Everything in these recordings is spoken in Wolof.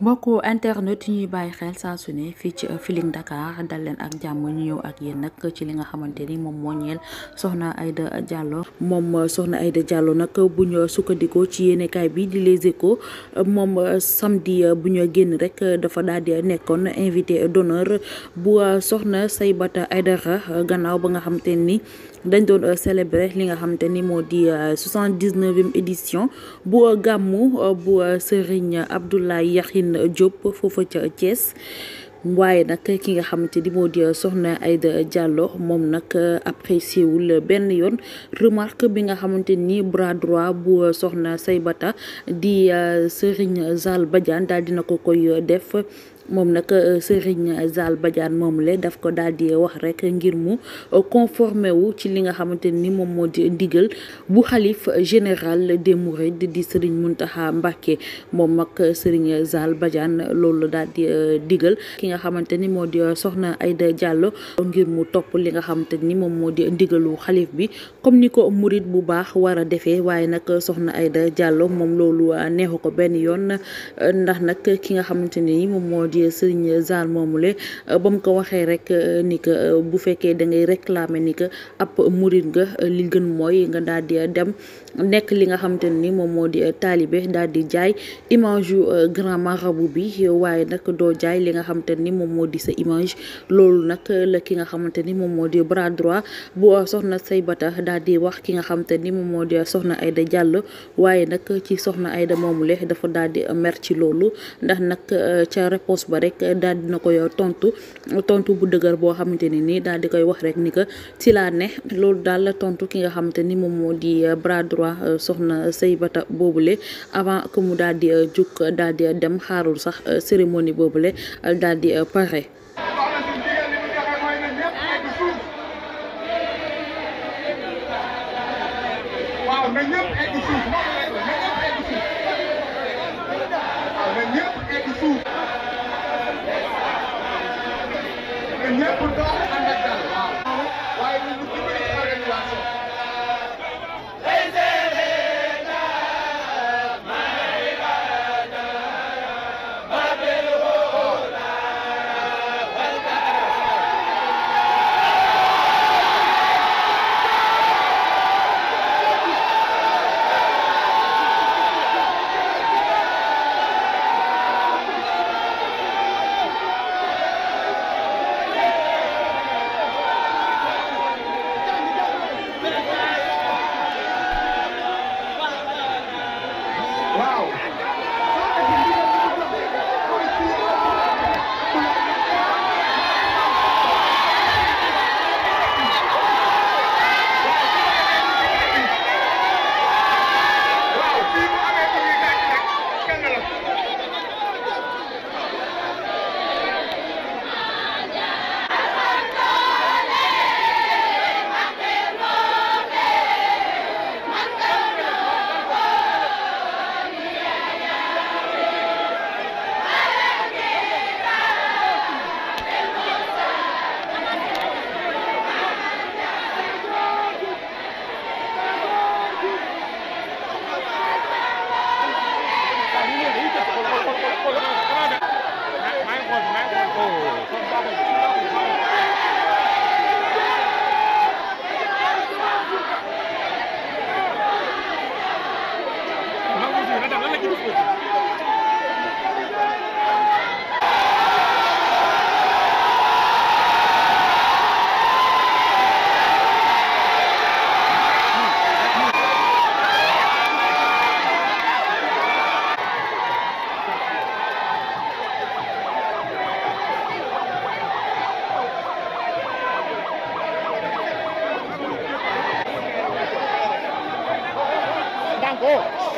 mbokku internet yi ñuy bàyyi xel saa su ne fii ci Feeling Dakar dal leen ak jàmm ñu ñëw ak yéen nag ci li nga xamante ni moom moo ñeel soxna Aida jàlloo moom soxna Aida jàlloo nag bu ñu sukkandikoo ci yéenekaay bi di Les Échos moom samedi bu ñu génn rek dafa daal nekkoon invité d'honneur bu soxna Saybata Aidara gannaaw ba nga xamante ni dañ doon célébrer li nga xamante ni moo di soixante-dix-neuvième édition bu gàmmu bu Serigne Abdoulaye Yaxin Lamine Diop foofa ca Thiès waaye nag ki nga xamante ni moo di soxna ay Aida jàlloo moom nag apprécié wul benn yoon remarque bi nga xamante ni bras droit bu soxna bata di euh, Serigne Zal Badiane daal dina ko koy def moom nag euh, Serigne Zal Badiane moom le daf ko daal di wax rek ngir mu euh, conformé wu ci li nga xamante ni moom moo di ndigal bu xalif général des Mourides di Serigne Mountakha Mbacké moom nag Serigne Zal Badiane loolu daal di euh, digal ki nga xamante ni moo di soxna Aïda Diallo ngir mu topp li nga xamante ni moom moo di ndigalu xalif bi comme ni ko murit bu baax war a defee waaye nag soxna Aïda Diallo moom loolu neexu ko benn yoon ndax nag ki nga xamante ni moom moo ji Serigne Zale moomule euh, ba mu ko waxee rek euh, ni que euh, bu fekkee da ngay réclamer ni que ab murid nga li gën mooy nga daal di dem nekk li nga xamante ne ni moom moo di taalibe daal di jaay image yu grand marabout bi waaye nag doo jaay li nga xamante ne ni moom moo di sa image loolu nag la ki nga xamante ni moom moo di bras droit bu soxna Saybata dal di wax ki nga xam xamante ni moom moo di soxna Aïda Diallo waaye nag ci soxna Aïda moomule dafa daal di mer ci loolu ndax nag ca réponse réponse ba rek daal dina koy tontu tontu bu dëgër boo xamante ni nii daal di koy wax rek ni que ci laa ne loolu daal tontu ki nga xamante ni moom moo di euh, bras droit euh, soxna boobu boobule avant que mu daal di euh, jug daal di dem xaarul sax cérémonie boobule daal di pare. campo.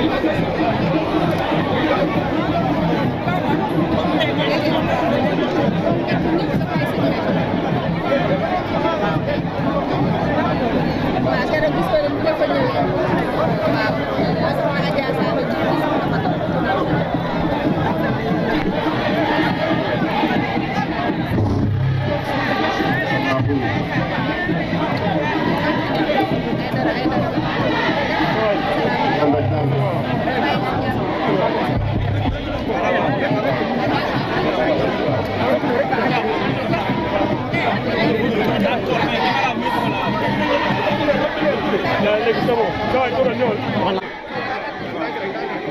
waaw keroog gis nga ni mu def ko ñëwee waaw.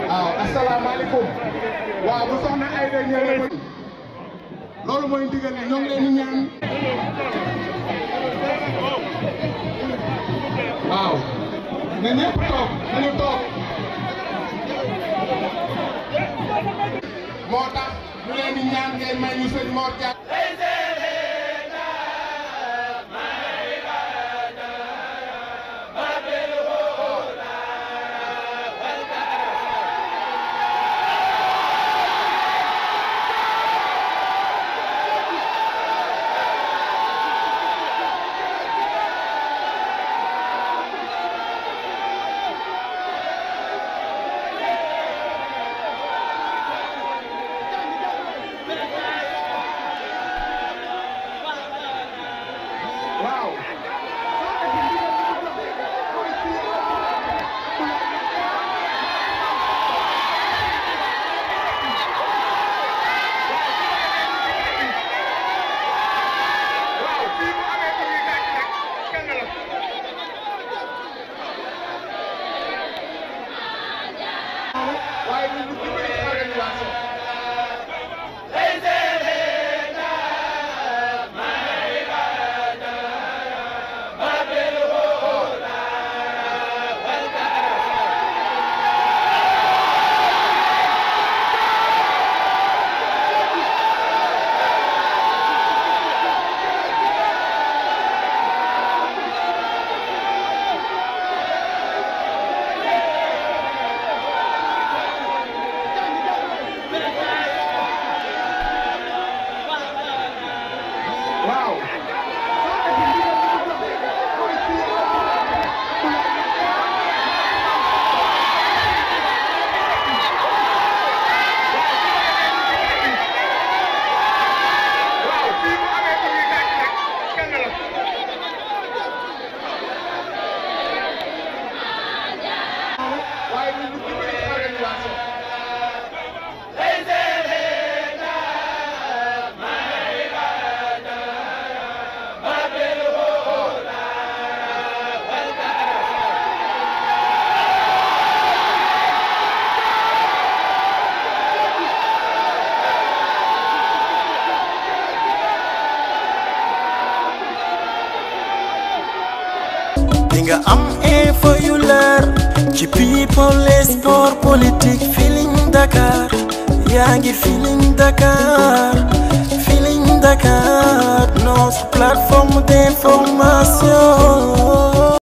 waaw asalaamaaleykum waaw bu soxna Aida ñëwee loolu mooy ndigal li ñoo ngi leen di ñaan waaw na ñëpp toog nañu toog moo tax ñu leen di ñaan ngay may ñu sëñ Mor Dia di nga am info yu leer ci people et sport politique Dakar yaa ngi Feeling Dakar Feeling Dakar notre plateforme d'information